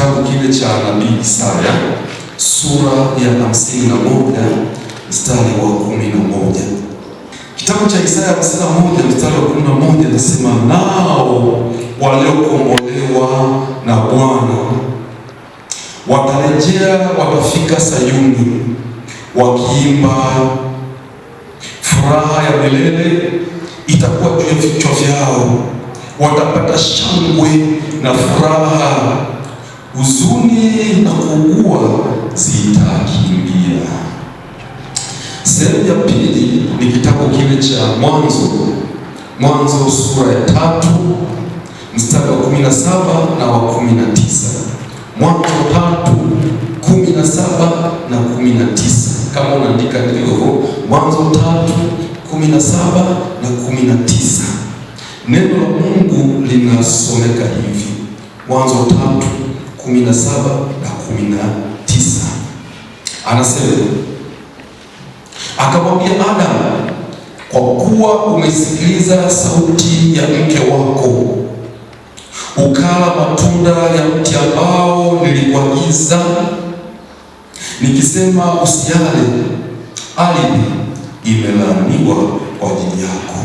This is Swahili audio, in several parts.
kitabu kile cha nabii Isaya sura ya hamsini na moja mstari wa kumi na moja Kitabu cha Isaya hamsini na moja mstari wa kumi na moja nasema, nao waliokombolewa na Bwana watarejea, watafika Sayuni wakiimba, furaha ya milele itakuwa juu ya vichwa vyao, watapata shangwe na furaha huzuni na kuugua zitakimbia. Sehemu ya pili ni kitabu kile cha Mwanzo, Mwanzo sura ya tatu mstari wa kumi na saba na wa kumi na tisa Mwanzo tatu kumi na saba na kumi na tisa Kama unaandika ndivyo, Mwanzo tatu kumi na saba na kumi na tisa Neno la Mungu linasomeka hivi: Mwanzo tatu 17 na 19 anasema, akamwambia Adam, kwa kuwa umesikiliza sauti ya mke wako ukala matunda ya mti ambao nilikuagiza nikisema usiale, ardhi imelaaniwa kwa ajili yako,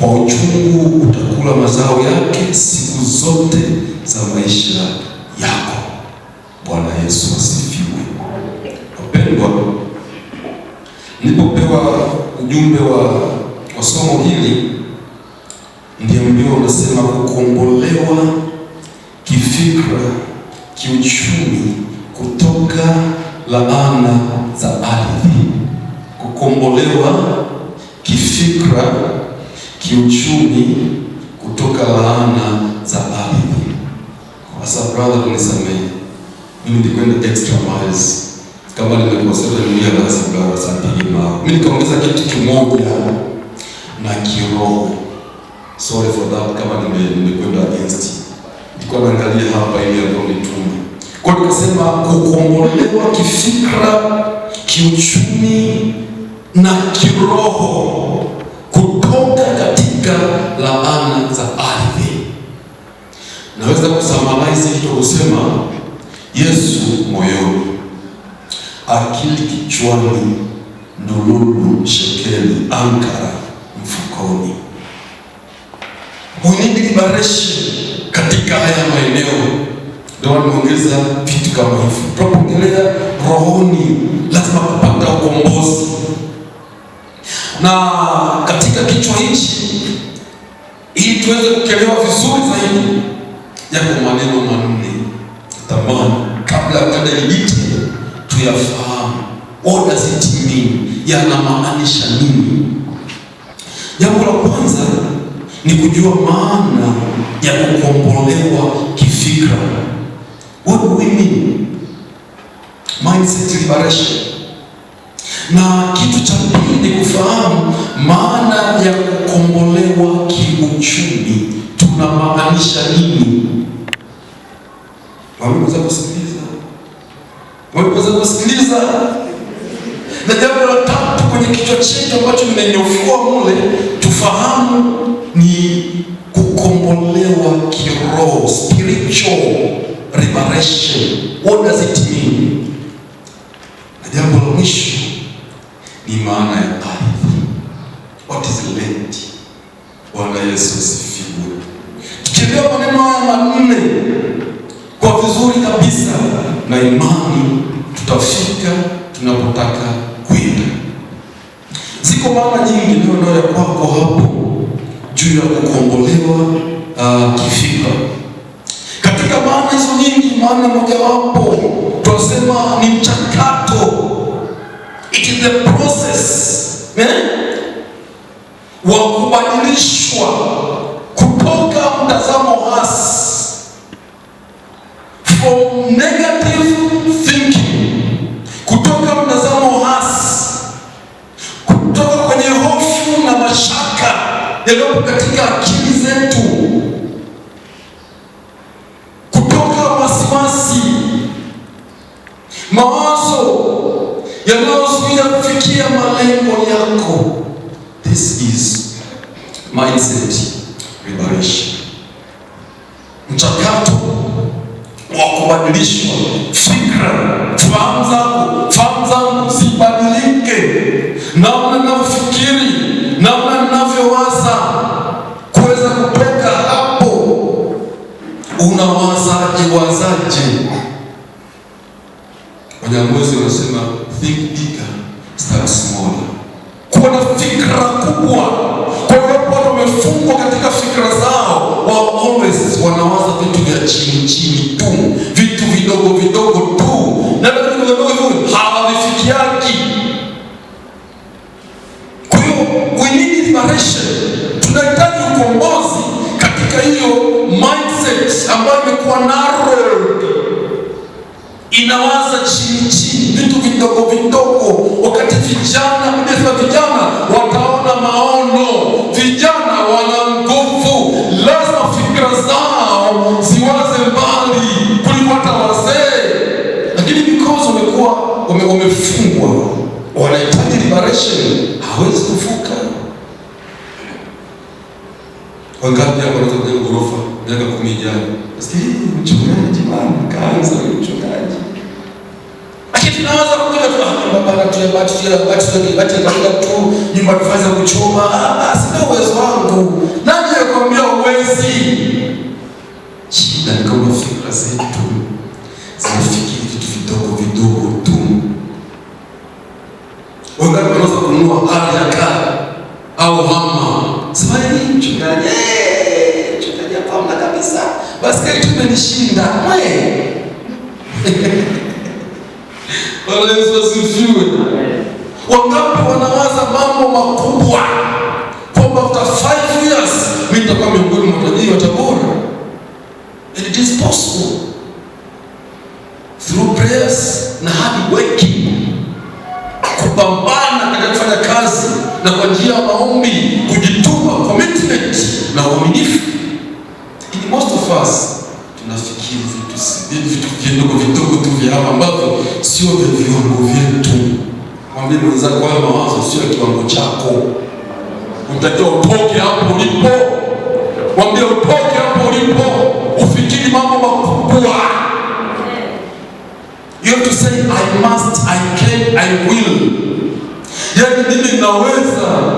kwa uchungu utakula mazao yake siku zote za maisha yako. Bwana Yesu asifiwe. Wapendwa, nilipopewa ujumbe wa, wa somo hili ndiambiwa unasema kukombolewa kifikra, kiuchumi kutoka laana za ardhi. Kukombolewa kifikra, kiuchumi kutoka laana za ardhi. Asa brother, unisamehe, mimi nilikwenda extra miles, kama nimekosea dunia na sasa brother, sapigi mao. Mimi nikaongeza kitu kimoja na kiroho, sorry for that, kama nimekwenda against. Nilikuwa naangalia hapa ili ndio nitume kwa, tukasema kukombolewa kifikra, kiuchumi na kiroho kutoka katika laana za naweza kusamarize hilo kusema Yesu moyoni, akili kichwani, ndululu shekeli, ankara mfukoni. We need liberation katika haya maeneo, ndio wanaongeza vitu kama hivi. Tunapoongelea rohoni, lazima kupata ukombozi, na katika kichwa hichi, ili tuweze kukelewa vizuri zaidi yako maneno manne tamani, kabla kadalilite tuyafahamu, odazitimini yanamaanisha nini. Jambo la kwanza ni kujua maana ya kukombolewa kifikra. What do we mean? Mindset liberation. Na kitu cha pili ni kufahamu maana ya kukombolewa kiuchumi, tunamaanisha nini? Waweza kusikiliza, waweza kusikiliza. Na jambo la tatu kwenye kichwa chetu ambacho nimenyofua mule, tufahamu ni kukombolewa kiroho, spiritual reparation What does it mean? Na jambo la mwisho ni maana ya ardhi. What is land? Bwana Yesu asifiwe. Tukielewa maneno haya manne kwa vizuri kabisa, na imani tutafika tunapotaka kwenda. Ziko maana nyingi ndio ya kwako hapo juu ya kukombolewa uh, ah, kifika Katika maana hizo nyingi, maana mojawapo tunasema ni mchakato, it is the process eh, wa kubadilishwa kutoka mtazamo hasi from negative thinking, kutoka mtazamo hasi, kutoka kwenye hofu na mashaka yaliyopo katika akili zetu, kutoka wasiwasi, mawazo yanayozuia kufikia Cristo. inawaza chini chini vitu vidogo vidogo, wakati vijana mdesa vijana wataona maono. Vijana wana nguvu, lazima fikra zao ziwaze mbali kuliko hata wazee, lakini because wamekuwa wamefungwa, wanahitaji liberation, hawezi kuvuka. Wangapi hapa wanaweza kujenga ghorofa miaka kumi ijayo? nyumba tufanye kuchoma, sina uwezo wangu. Nani alikwambia uwezi? Shida ni kama fikra zetu zinafikiri vitu vidogo vidogo tu. Wangapi wanaweza kununua gari ya kaa au hama? Samahani mchungaji, mchungaji hapa kabisa, basi kile mwe Bwana Yesu asifiwe. Wangapi wanawaza mambo makubwa kwamba after 5 years mimi nitakuwa miongoni mwa matajiri wa Tabora? it is possible through prayers na hard working, kupambana katika kufanya kazi na kwa njia ya maombi, kujituma, commitment na uaminifu. In most of us vidogo vidogo tu vya hapa ambavyo sio vya viwango vyetu. Mwambie mwenza kwa mawazo sio ya kiwango chako, unatakiwa utoke hapo ulipo. Mwambie utoke hapo ulipo, ufikiri mambo makubwa. You have to say I must, I can, I will. Yani mimi naweza.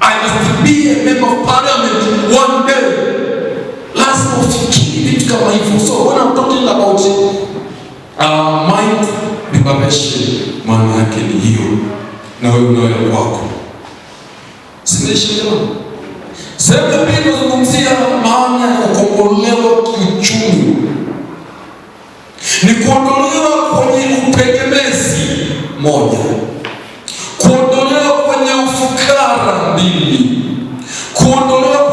I must be a member of parliament one day kufikiri vitu kama hivyo. So when I'm talking about uh, mind ni maana yake ni hiyo, na wewe unao ya kwako, sinaishi Sehemu ya pili maana ya kukombolewa kiuchumi, ni kuondolewa kwenye utegemezi moja, kuondolewa kwenye ufukara mbili, kuondolewa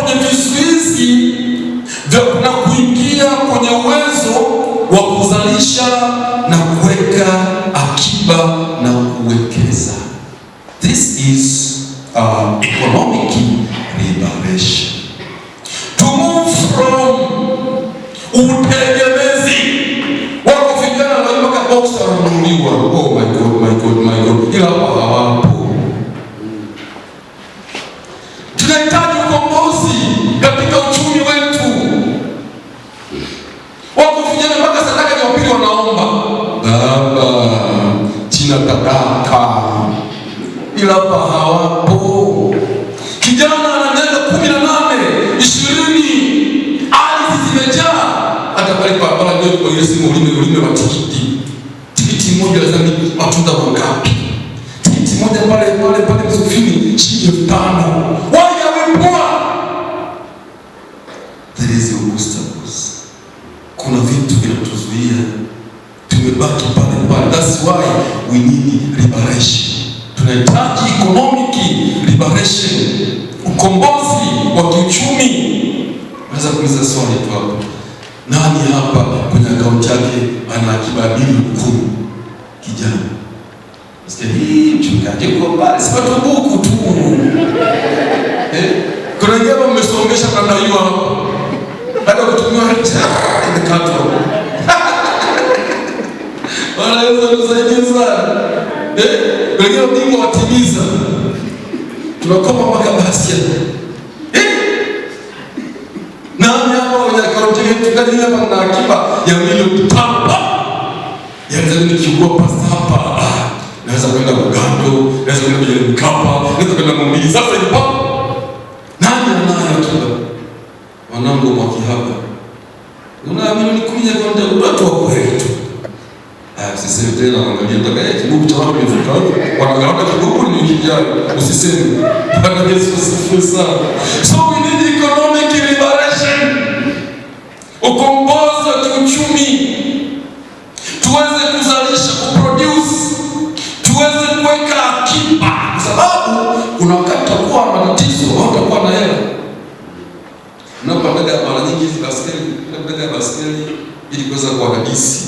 na kuingia kwenye uwezo wa kuzalisha na kuweka akiba na kuwekeza. This is uh, economic ulimi wa tikiti. Tikiti moja lazima matunda mangapi? Tikiti moja pale pale pale Msufini shilingi elfu tano. kuonyesha kwamba yuko hapo. Baada ya kutumia kutumiwa imekatwa. Wanaweza kusaidia sana. Eh, wengine ubingwa watimiza. Tunakoma mpaka basi. Eh? Na hapa wenye karoti yetu kadri ya na akiba ya milioni tano. Yanza nikichukua pasta hapa. Ah, naweza kwenda Bugando, naweza kwenda kwenye Mkapa, naweza kwenda Mumbi. Sasa ni hapo. Nani ana mwanangu mwaki hapa, unaamini nikuja kwa ndio watu wa kweli tu. Ah, sisemi tena, angalia mtakaye kibubu cha wapi mfuka wako, wanagawana kibubu ni kijana, usisemi Bwana Yesu asifiwe sana. So we need economic liberation, ukombozi wa kiuchumi baskeli ili kuweza kuwadadisi.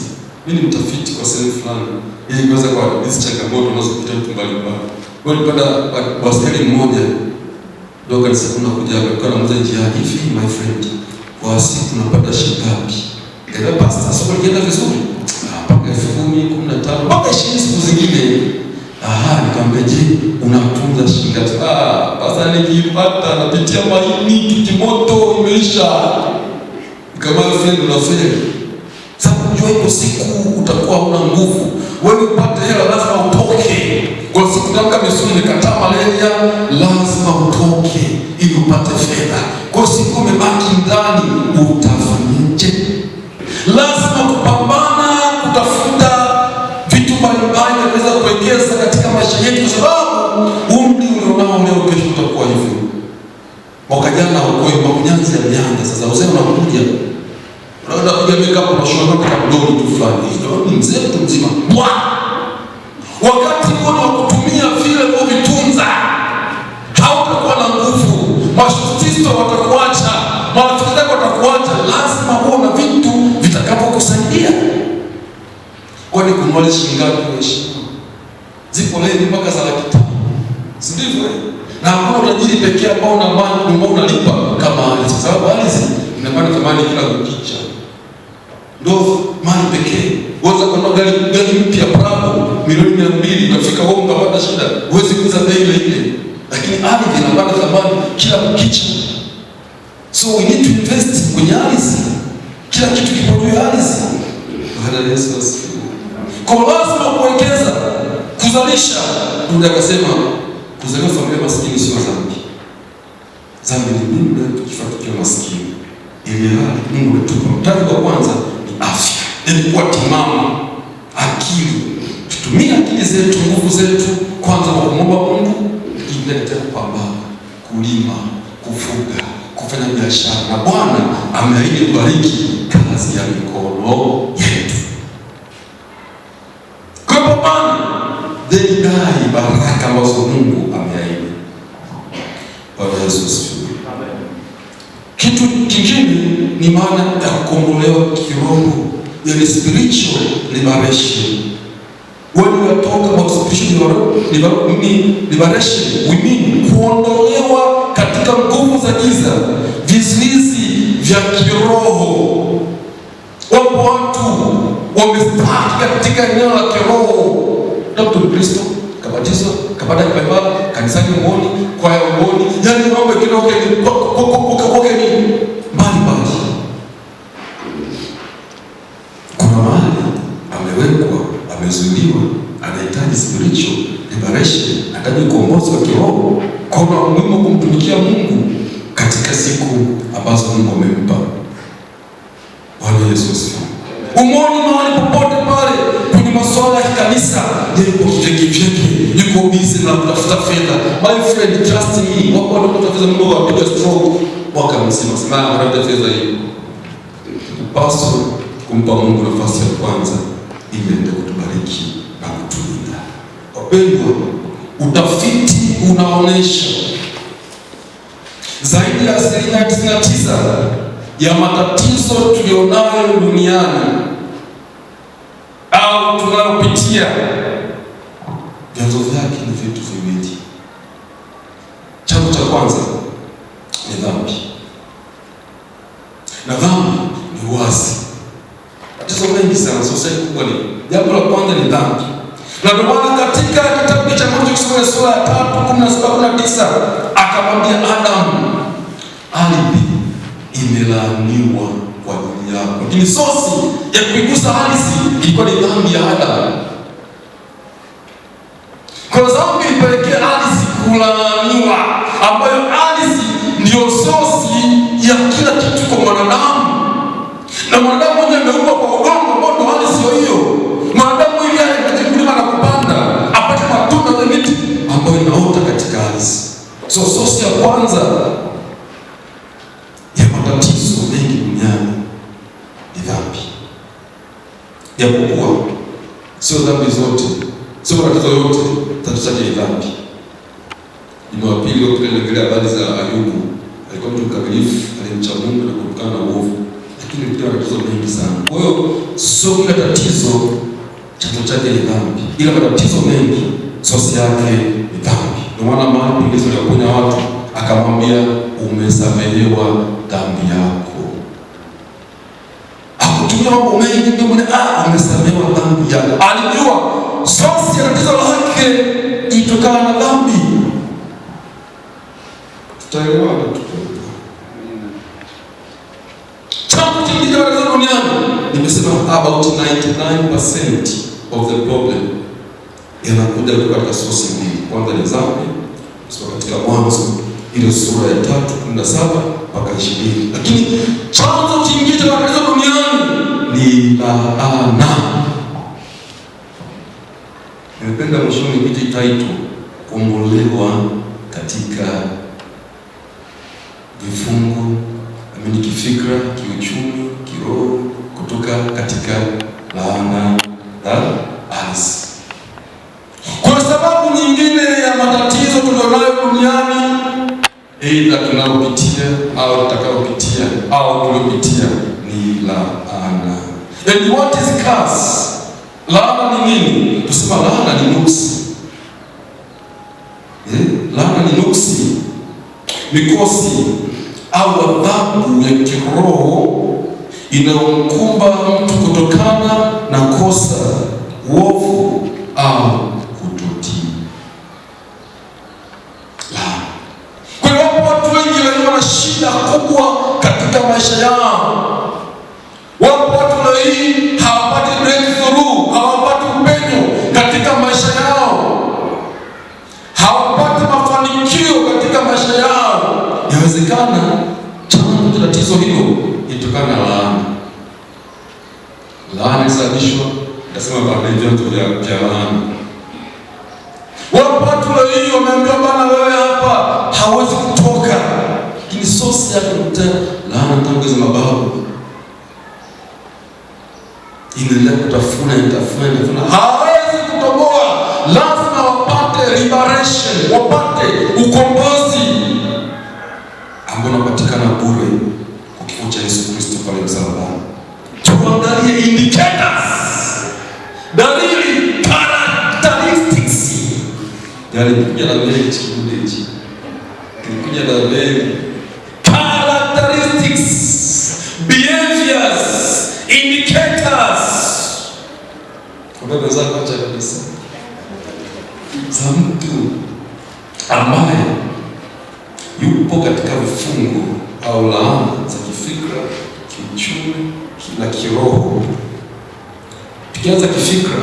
Mimi ni mtafiti kwa sehemu fulani, ili kuweza kuwadadisi changamoto anazopitia mtu mbalimbali. Kwa hiyo nilipata baskeli mmoja ndio kanisa kuna kuja kwa mmoja njia hivi, my friend, kwa siku tunapata shingapi? Ndio pastor, sio kwenda vizuri ah, mpaka elfu kumi kumi na tano mpaka ishirini siku zingine. Aha, nikamwambia je, unatunza shingapi? Ah, pastor, nikipata napitia maini kimoto imeisha kama vile unafanya sababu, unajua ipo siku utakuwa una nguvu wewe, upate hela lazima utoke. Kwa siku tamka misuli nikataa malaria, lazima utoke ili upate fedha. Kwa siku umebaki ndani, utafanyaje? Lazima kupambana kutafuta vitu mbalimbali vinaweza kuwekeza katika maisha yetu, kwa sababu umri ulionao leo, kesho utakuwa hivyo. Mwaka jana ukuwe maunyanzi ya mianga, sasa uzee unakuja Unaweza kuja make up unashona kwa mdogo tu fulani. Ndio mzee mtu mzima. Bwana. Wakati huo wa kutumia vile kuvitunza. Hautakuwa na nguvu. Mashutisto watakuacha. Marafiki zako watakuacha. Lazima uwe na vitu vitakavyokusaidia. Kwani kununua shilingi ngapi heshima? Zipo leo mpaka za laki tano. Si ndivyo? Eh? Na hakuna utajiri pekee ambao una mali unalipa kama ardhi. Sababu ardhi inapanda thamani kila kukicha ndio mali pekee. Uweza kununua gari gari mpya prapo milioni mia mbili ukafika wewe ukapata shida, huwezi kuuza bei ile ile, lakini ardhi inapata thamani kila mkicha. So we need to invest kwenye ardhi, kila kitu kipo juu ya ardhi. Bwana Yesu asifiwe. Kwa lazima kuwekeza, kuzalisha. Ndio akasema kuzaliwa familia maskini sio dhambi. Dhambi ni nini? Tukifuatilia maskini. Ili hali Mungu wetu mtaki wa kwanza afya, yaani kuwa timamu akili. Tutumie akili zetu, nguvu zetu kwanza kwa kumwomba Mungu, inaleta kupambana, kulima, kufuga, kufanya biashara, na Bwana ameahidi kubariki kazi ya mikono yetu. Dai baraka ambazo Mungu ameahidi. Bwana Yesu asifiwe. Kitu kingine ni maana ya kukombolewa kiroho, yani spiritual liberation. When we are talking about spiritual liberation, we mean kuondolewa katika nguvu za giza, vizuizi vya kiroho. Wapo watu wamestaki katika eneo la kiroho, na Kristo Mkristo kabatizwa, kapata kipaimara kanisani, muoni kwaya, muoni, yani mambo kidogo, ukakoke amezuiliwa, anahitaji spiritual liberation, anahitaji ukombozi wa kiroho, kwamba umuhimu kumtumikia Mungu katika siku ambazo Mungu amempa. Bwana Yesu asifiwe. Umoni mahali popote pale kwenye masuala ya kanisa, yuko cheki, yuko busy na kutafuta fedha. My friend trust me, wako wanatafuta fedha, Mungu wa awapiga stroke mwaka mzima, simama anatafuta fedha hiyo. Pastor kumpa Mungu nafasi ya kwanza imeenda kutubariki na kutulinda. Wapendwa, utafiti unaonesha zaidi ya asilimia 99 ya matatizo tuliyonayo duniani au tunayopitia vyanzo vyake ni vitu viwili. Jambo la kwanza ni dhambi, na ndio maana katika kitabu cha Mwanzo sura ya tatu kumi na saba kumi na tisa akamwambia Adamu, ardhi imelaaniwa kwa ajili yako. Lakini sosi ya kuigusa ardhi ilikuwa ni dhambi ya Adamu, kwa sababu ilipelekea ardhi kulaaniwa, ambayo ardhi ndiyo sosi ya kila kitu kwa mwanadamu, na mwanadamu mwenye ameumbwa kwa udongo kwanza ya matatizo mengi duniani ni dhambi, japokuwa sio dhambi zote, sio matatizo yote, tatizo ni dhambi. Jumapili iliyopita niliongelea habari za Ayubu. Alikuwa mtu mkamilifu, alimcha Mungu na kuepukana na uovu, lakini alikuwa matatizo mengi sana. Kwa hiyo sio kila tatizo chanzo chake ni dhambi, ila matatizo mengi sosi yake ni dhambi. Ndio maana maana pingizo ya kunya watu akamwambia umesamehewa dhambi yako. Akutumia mambo mengi ndio ah, dhambi yako. Alijua sosi ya tatizo lake itokana na dhambi. Tutaelewa Chanzo kingine cha duniani nimesema about 99% of the problem inakuja kutoka sosi mbili. Kwanza ni dhambi, kutoka katika mwanzo ile sura ya tatu kumi na saba mpaka ishirini. Lakini chanzo chingine cha matatizo duniani ni laana. Nimependa mheshimiwa kiti title kuongolewa katika vifungu amini, kifikra, kiuchumi, kiroho, kutoka katika laana asi. Kwa sababu nyingine ya matatizo tulionayo duniani aidha tunaopitia au tutakaopitia au tuliopitia ni laana. And what is curse? Laana ni nini? Tusema laana ni nuksi hmm? Laana ni nuksi, mikosi au adhabu ya kiroho inayomkumba mtu kutokana na kosa, uovu au shida kubwa katika maisha yao. Wapo watu leo hii hawapati breakthrough, hawapati upenyo katika maisha yao, hawapati mafanikio katika maisha yao. inawezekana chanzo cha tatizo hilo itokana na laana. Laana isababishwa, nitasema baadaye vyanzo vya laana. Wapo watu leo hii wameambiwa, bana wewe hapa hawezi kutoka kisosi sosi yake mtana laana tangu hizo mababu inaendelea kutafuna itafuna itafuna, hawezi kutoboa. Lazima wapate liberation, wapate ukombozi ambao unapatikana bure kwa kifo cha Yesu Kristo pale msalabani. Tuangalie indicators, dalili, characteristics. Yale kuja na mechi kudeji kuja na mechi za mtu ambaye yupo katika vifungo au laana za kifikra, kiuchumi na kiroho. Tukianza kifikra,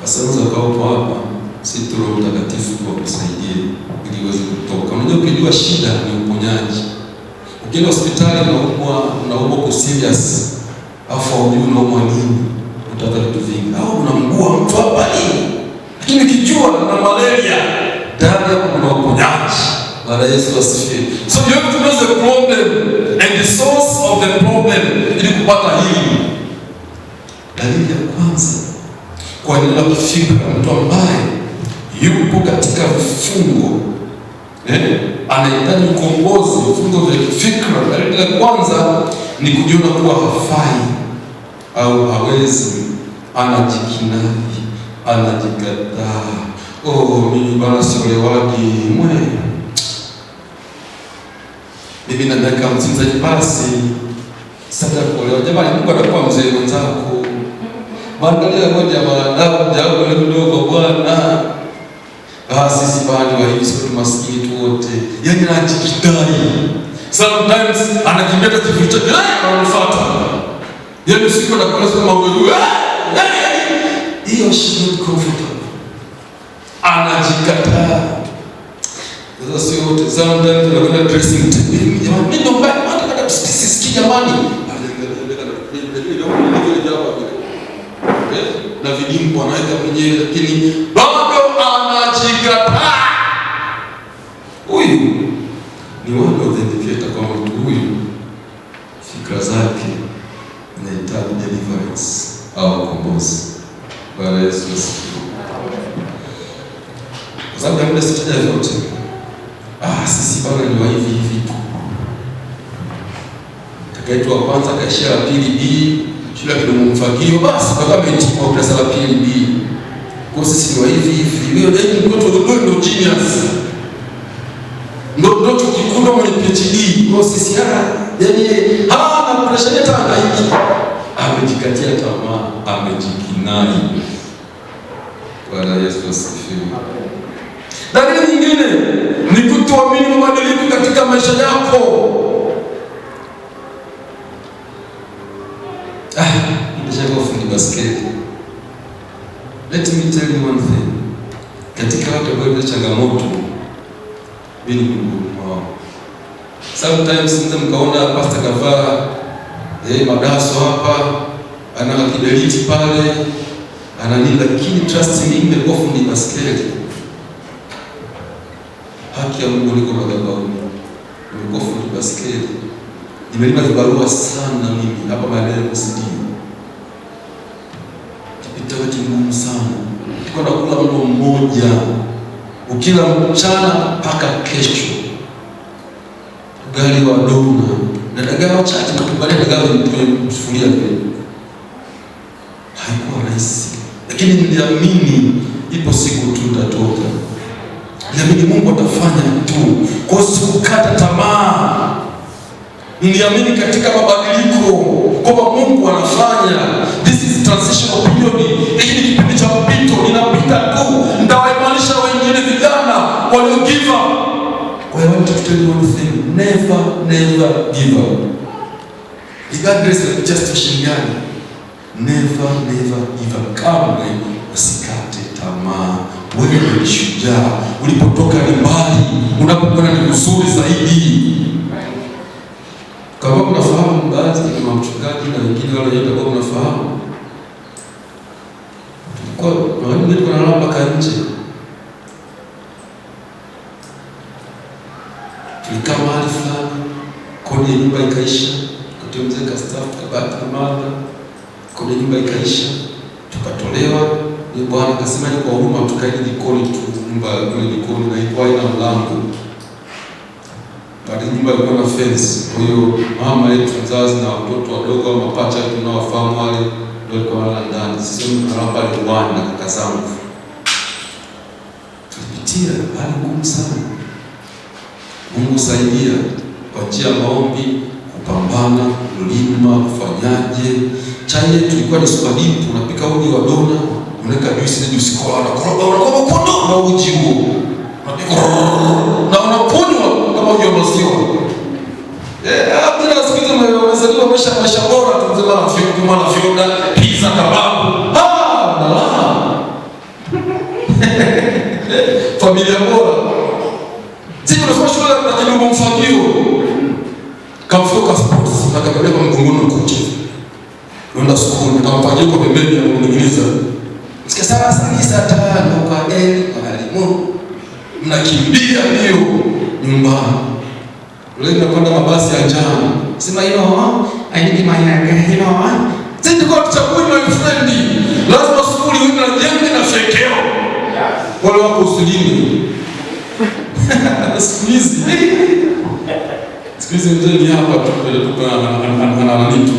kasanza kaupo hapa, si tu Roho Mtakatifu kusaidia ili uweze kutoka. Unajua, ukijua shida ni uponyaji. Ukienda hospitali unaumwa, unaumwa kwa serious, afu haujui unaumwa nini utapata vitu vingi. Au unamgua mtu hapa nini, lakini kijua na malaria dada, kuna uponyaji. Bwana Yesu asifiwe. So you have to know the problem and the source of the problem ili kupata hili. Dalili ya kwanza kwa ajili ya kufika na mtu ambaye yupo katika vifungo eh, anahitaji ukombozi, vifungo vya kifikra. Dalili ya kwanza ni kujiona kuwa hafai au hawezi anajikinahi, anajikataa. Oh, mimi bana siolewagi mwe bibi na daka basi sasa kuolewa. Jamani, Mungu atakuwa mzee mwenzako, maandalia moja maadamu jago ni mdogo bwana. Ah, sisi bali wa hivi siku maskini tu wote, yaani anajikidai sometimes anakimbia hata kifurucho chake anafuata, yaani siku anakwenda sema wewe hiyo shield comfortable anajikataa. Sasa sio wote zao ndani tunakwenda dressing table, jamani, mimi ndio mbaya, hata kama tusisiki jamani, na vijimbo anaweka mwenyewe, lakini baba kwanza kaishia la pili B, shule ya kidogo mfagio, basi kaka amehitimu darasa la pili B. Kwa sisi ni hivi hivi, hiyo deni mtoto ndio ndio genius, ndio ndio tukikunda mwenye PhD. Kwa sisi hana yani hana pressure hata hiki, amejikatia tamaa, amejikinai. Bwana Yesu asifiwe. Dalili nyingine ni kutoamini mabadiliko katika maisha yako. Let me tell you one thing. Katika watu ambao changamoto mimi ni mgumu wao. Sometimes mtu mkaona pastor kavaa eh, madaso hapa, ana kiberiti pale, ana nini lakini trust me nimekuwa ni maskeri. Haki ya Mungu niko madhabahuni. Nimekuwa ni maskeri. Nimelima vibarua sana mimi hapa maeneo ya Kusidia itaweti ngumu sana kwenda kula mlo mmoja, ukila mchana mpaka kesho, ugali wa dona na dagaa chache, nakubalia dagaa kwenye sufuria vile. Haikuwa rahisi, lakini niliamini ipo siku tu nitatoka. Niliamini Mungu atafanya tu, kwa sikukata tamaa. Niliamini katika mabadiliko kwamba Mungu anafanya. This is transitional period. Hiki ni kipindi cha mpito, ninapita tu, nitawaimarisha wengine vijana walio give up. I want to tell you one thing, never never give up. Regardless of just ushindani, never never give up. Kamwe usikate tamaa. Wewe ni shujaa, ulipotoka ni mbali, unapokwenda ni uzuri zaidi. Kama unafahamu baadhi ya mchungaji na wengine wale wote ambao unafahamu kwa wengine tunalala mpaka nje. Tulikaa mahali fulani, kodi ya nyumba ikaisha, wakati mzee kastaafu, tukabaki na mada, kodi ya nyumba ikaisha, tukatolewa. Ni bwana akasema ni kwa huruma, tukaeni jikoni tu, nyumba ile jikoni na ilikuwa haina mlango kati nyumba ilikuwa na fence. Kwa hiyo mama yetu mzazi na watoto wadogo au mapacha tunawafahamu wale kuwekwa wala ndani. Sisi tunaona pale uwani na kaka zangu tulipitia hali ngumu sana. Mungu saidia kwa njia maombi, kupambana, kulima, kufanyaje. Chai yetu ilikuwa ni super deep, uji wa dona, unaweka juisi na juisi kola na koroga, unakoroga kondo na uji huo. Unapika na unakunywa kama uji wa maziwa. Labda eh, ah, siku hizi umezaliwa maisha maisha bora tu mzima na fiuda mwana fiuda pizza kababu. Ah, na la. Familia bora. Sisi tunasoma shule na kidogo mfagio. Kamfuka sports na kabebeba mgongoni kucha. Unaenda shule na kwa pembeni ya Sikia sana sana saa tano kwa deni mwalimu. Mnakimbia hiyo nyumbani. Leo tunapanda mabasi ya njano. Sema hiyo, oh, I need my hair, you know. Sisi kwa tuchaguzi na friend. Lazima sukuli wimbo na jembe na shekeo. Wale wako usulini. Siku hizi. Siku mzee ni hapa tu kwa na nani tu.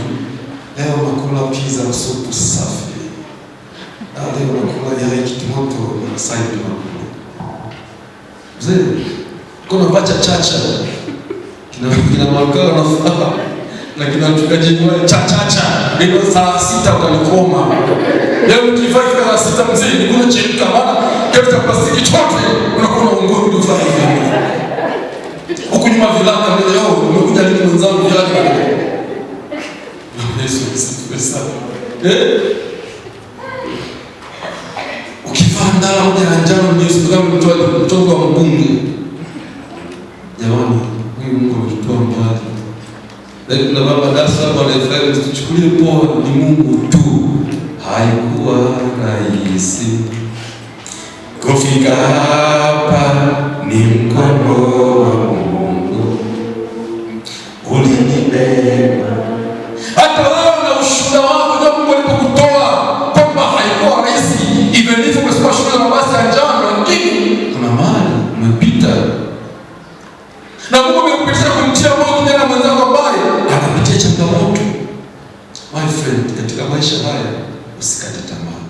Leo nakula pizza na supu safi. Na ah, leo nakula yai moto na side. Mzee, kuna bacha chacha kina makao na furaha na kina mchungaji mmoja cha cha cha, ndio saa sita utanikoma leo. Mkifika saa sita mzee, ni kuna chemka maana kitu cha plastiki chote unakuwa uongozi ndio fanya huku nyuma vilaka mbele yao. Umekuja lini mwenzangu? Vilaka Yesu asifiwe sana. Eh, ukivaa ndala moja ya njano, Yesu kama mtoto wa mbunge jamani lakini kuna baba dasa wanaifai msichukulie poa, ni Mungu tu. Haikuwa rahisi kufika hapa, ni mkono wa Mungu ulinibeba. Hata wewe na ushuhuda wako na Mungu alipokutoa kwamba haikuwa rahisi, ivenifu umesoma shule ya mabasi ya njano, lakini kuna mali umepita na Mungu amekupitisha kumtia moyo kijana changamoto. My friend, katika maisha haya usikate tamaa.